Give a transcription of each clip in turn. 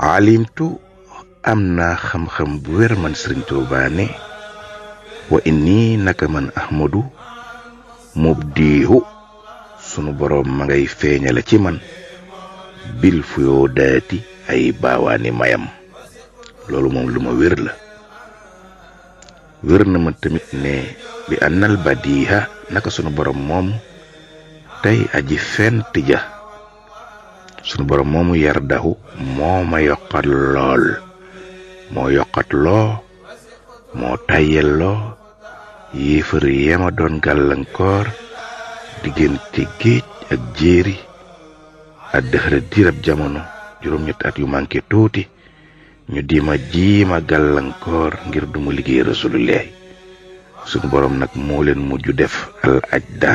alimtu am na xam-xam bu wér man sëriñ Tuubaa ne wa inni naka man ahmadu mubdiihu sunu boroom ma ngay feeñale ci man bil fuyoo daati ay baawaani mayam loolu moom lu ma wér la wér na ma tamit ne bi annal badiiha naka sunu boroom moom tey aji fent ja sunu borom moomu yar dahu moo ma yokkat lool moo yokkat loo moo tàyyel loo yéefar yema doon gàllankoor diggante géej ak jéeri ak dëxëra diirab jamono juróom-ñetti at yu manqué tuuti ñu dima jiima gàllankoor ngir duma mu liggéey rasulullahi sunu borom nag moo leen mujj def al ajda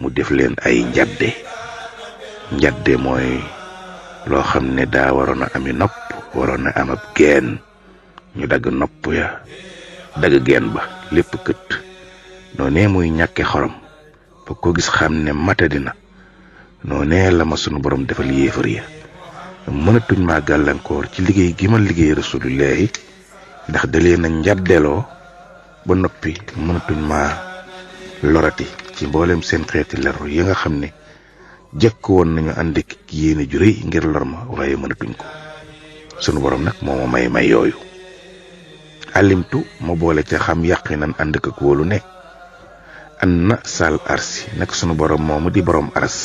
mu def leen ay njadde njadde mooy loo xam ne daa waroon a ami nopp waroon a am ab geen ñu dagg nopp ya dagg geen ba lépp kët noonee muy ñàkke xorom ba ko gis xam ne matadi na noonee la ma sunu borom defal yéefar ya mënatuñ maa gàllankoor ci liggéey gi ma liggéey rasulullahi ndax dalee na njaddeloo ba noppi mënatuñ maa lorati ci mboolem seen xeeti leru yi nga xam ne jëkk woon nañu ànd ak yéene ju rëy ngir lor ma waaye mënatuñ ko sunu borom nag moo may may yooyu alimtu ma boole ca xam yaqinan ànd ak wóolu ne an na sal arsi nag sunu borom moomu di borom aras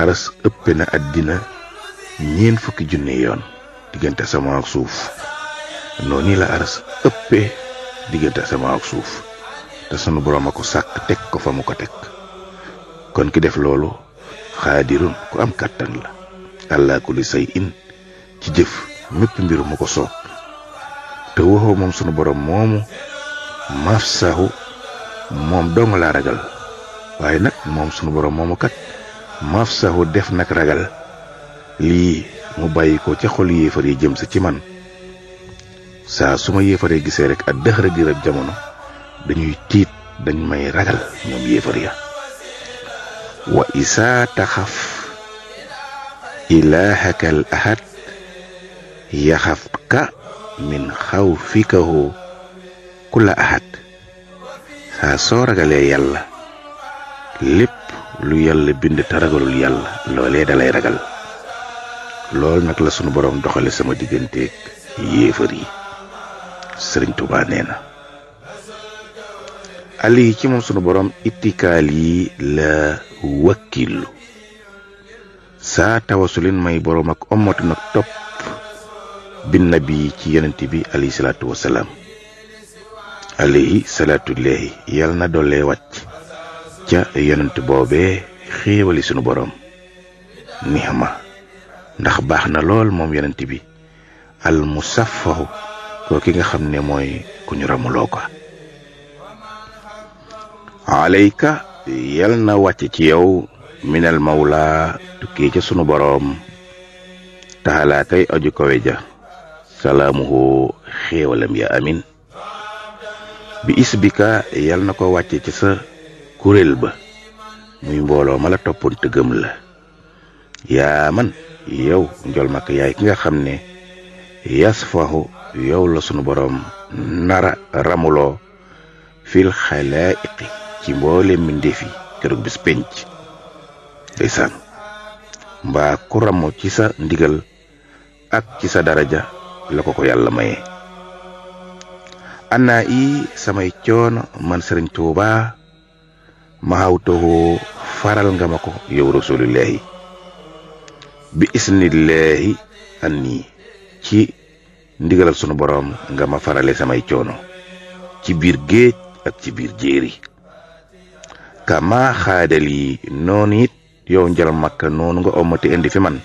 aras ëppe na àddina ñeen fukki junni yoon diggante sama ak suuf noonu la aras ëppee diggante sama ak suuf te sunu borom a ko sàkk teg ko fa mu ko teg kon ki def loolu xaadirun ku am kàttan la àllaa kulli say in ci jëf mépp mbir mu ko soob te waxoo moom sunu borom moomu maaf saxu moom dong laa ragal waaye nag moom sunu borom moomu kat maaf saxu def nag ragal lii mu bàyyi ko ca xol yéefar yi jëm sa ci man saa su ma yéefaree gisee rek ak dëxëra diirab jamono dañuy tiit dañ may ragal ñoom yéefar ya wa isaa taxaf ilaahakal ahad yaxaf ka min xaw fikahu ku la ahad saa soo ragalee yàlla lépp lu yàlla bind te ragalul yàlla loolee dalay ragal loolu nag la sunu boroom doxale sama digganteeg yéefar yi sëriñ Tuubaa na ali ci moom sunu borom ittikaal yi la wakkilu saa tawasulin may boroom ak ommatu nag topp bin nabi ci yonent bi alayhi salaatu wasalaam alayhi salaatullahi yàlla na dollee wàcc ca yonent boobee xéewali sunu borom nixma ndax baax na lool moom yonent bi al musaffahu koo ki nga xam ne mooy ku ñu ramuloo ko alayka yal na wàcc ci yow ma mawla tukkee ca sunu boroom taxalaa tey aju kowe ja salaamuhu xéewalam ya amin bi isbika yal na ko wàcce ci sa kuréel ba muy mbooloo ma la toppoon te gëm la yaa man yow njol yaay ki nga xam ne yasfahu yow la sunu boroom nara ramuloo fil xalaayiqi ci mboole mbindeef yi keroog bis penc ndeysaan mbaa ku ramo ci sa ndigal ak ci sa daraja la ko ko yàlla maye annaa i samay coono man sëriñ Tuuba maxawtawoo faral nga ma ko yow rasulillahi bi isnillahi anni ci ndigalal sunu boroom nga ma farale samay coono ci biir géej ak ci biir jéeri kama xaadal yi noonu it yow njël makka noonu nga omati indi fi man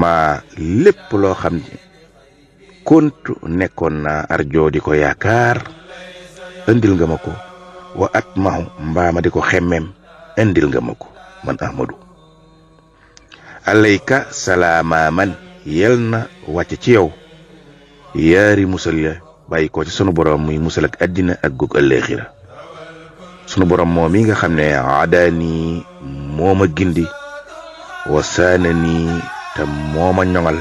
maa lépp loo xam ne kontu nekkoon naa arjoo di ko yaakaar indil nga ma ko wa at mahu mbaama di ko xemmeem indil nga ma ko man ahmadu alayka salaama man yel na wàcc ci yow yaari musalla bàyyi ko ci sunu borom muy musal ak addina ak goog ëllëxira sunu borom moom yi nga xam ne adaani mooma gindi wasaana nii te mooma ñoŋal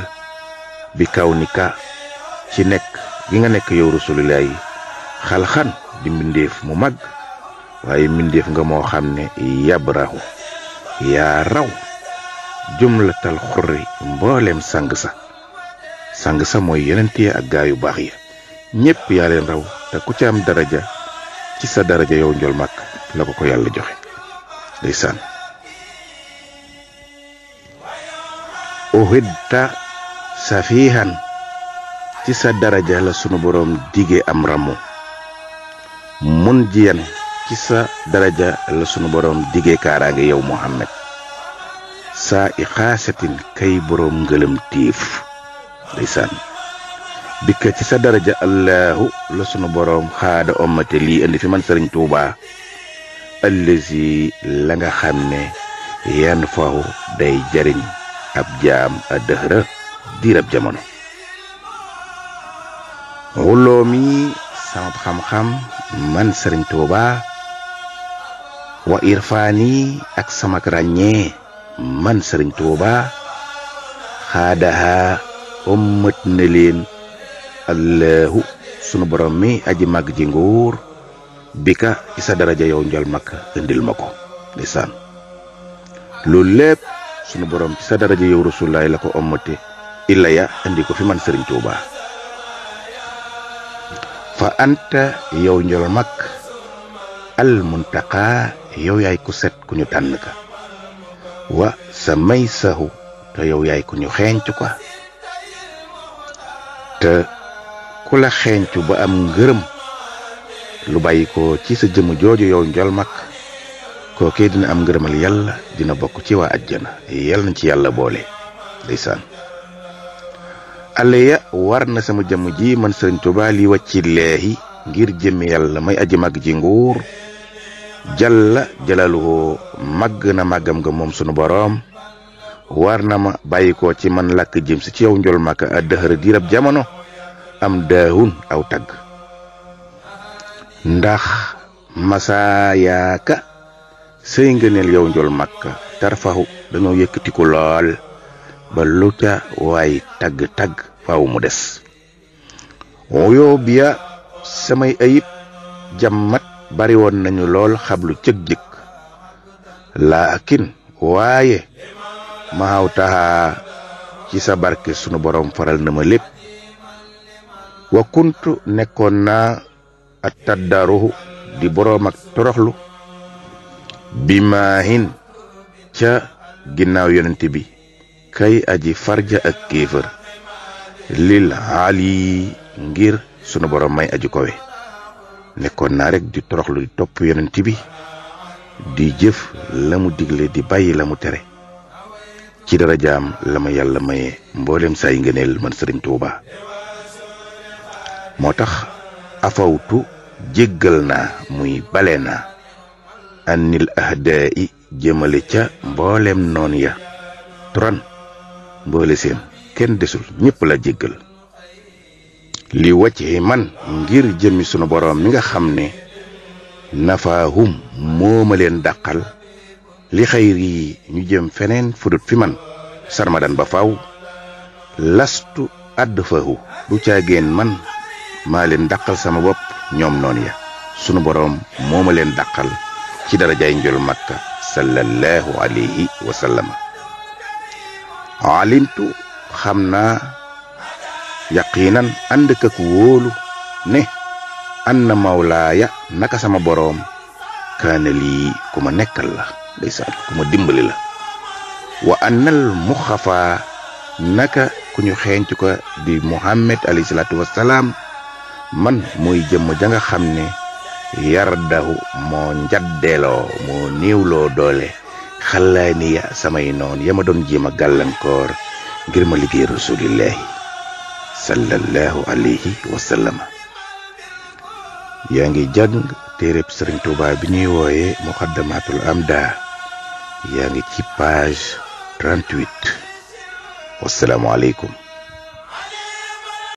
bi kaw ni ci nekk gi nga nekk yow rasulillaahi xalxan di mbindeef mu mag waaye mbindeef nga moo xam ne yabrahu yaa raw jumlatal xurri mboolem sang sa sang sa mooy yonent ya ak gaa yu baax yi ñëpp yaa leen raw te ku ci am daraja ci sa daraja yow njol màkk la ko ko yàlla joxe day sànn uhidta safihan ci sa daraja la sunu boroom digee am ramu mun jiyan ci sa daraja la sunu borom digee kaaraange yow Muhammad saa i xaasatin kay boroom ngëlëm tiif day dikk ci sa daraja allahu la sunu boroom xaada ommate lii indi fi man sëriñ tuubaa allazi la nga xam ne yenn faw day jariñ ab jaam a dëxra diirab jamono wuloo mi samab xam-xam man sëriñ tuubaa wa irfaani ak samak ràññee man sëriñ tuubaa xaadaha ommat na allahu sunu borom mi aji màgg ji nguur bi ci sa daraja yow njol makk indil ma ko ndeysaan loolu lépp sunu borom ci sa daraja yow rasulaay la ko ommate illa ya indi ko fi man sëriñ Tuuba fa anta yow njol makk al muntaqa yow yaay ku set ku ñu tànn ka wa sa may sahu te yow yaay ku ñu xeeñtu ka te ku la xeeñcu ba am ngërëm lu bàyyi ko ci sa jëmm jooju yow njol mag kookee dina am ngërëmal yàlla dina bokk ci waa ajjana yàlla nañ ci yàlla boole ndeysaan aleya war na sama jëmm ji man sëriñ Tuubaa li wàcci leehi ngir jëmm yàlla may aji màgg ji nguur la jalaluhu màgg na màggam nga moom sunu boroom war na ma bàyyi ko ci man làkk jëm si ci yow njol mag a dëxër diirab jamono am daawun aw tagg ndax masaayaaka sëy ngëneel yow njol màkka tarfaxu dañoo yëkkatiku lool ba lu ca waay tagg-tagg faaw mu des wuyoo biya samay ayib jàmmat bari woon nañu lool xablu cëg-jëg laakin waaye maxaw taxaa ci sa barke sunu borom faral na ma lépp wa kuntu nekkoon naa a taddaru di boroom ak toroxlu bi maahin ca ginnaaw yonent bi kay aji farja ak kéefër lil ali ngir sunu boroom may aji kowe nekkoon naa rek di toroxlu di topp yonent bi di jëf la mu digle di bàyyi la mu tere ci dara jaam la ma yàlla maye mboolem saa yi man sëriñ Tuuba moo tax afawtu jéggal naa muy bale naa annil ahdaa jëmale ca mboolem noon ya turan mboole seen kenn desul ñépp la jéggal li wàcce man ngir jëmmi sunu boroom mi nga xam ne nafaahum moo ma leen dàqal li xayri yi ñu jëm feneen fudut fi man sarmadan ba faw lastu àdd fahu du caageen man maa leen dàqal sama bopp ñoom noonu ya sunu boroom moo ma leen daqal ci darajaay njol makka sallallahu alayhi wa sallama alimtu xam naa yaqiinan ànd ak wóolu ne anna mawlaaya naka sama boroom kaana lii ku ma nekkal la ndeysaan ku ma dimbali la wa annal muxafaa naka ku ñu xeeñtu ko di muhammad alayhi salaatu man mooy jëmm janga nga xam ne yardahu moo njaddeeloo moo loo doole xalaani ya samay noon ya ma doon jéem a gàllankoor ngir ma liggéey rasulillahi sallallahu alayhi wa yaa ngi jàng téereb sëriñ Tuuba bi ñuy wooye muqaddamatul amda yaa ngi ci page 38 wasalaamualeykum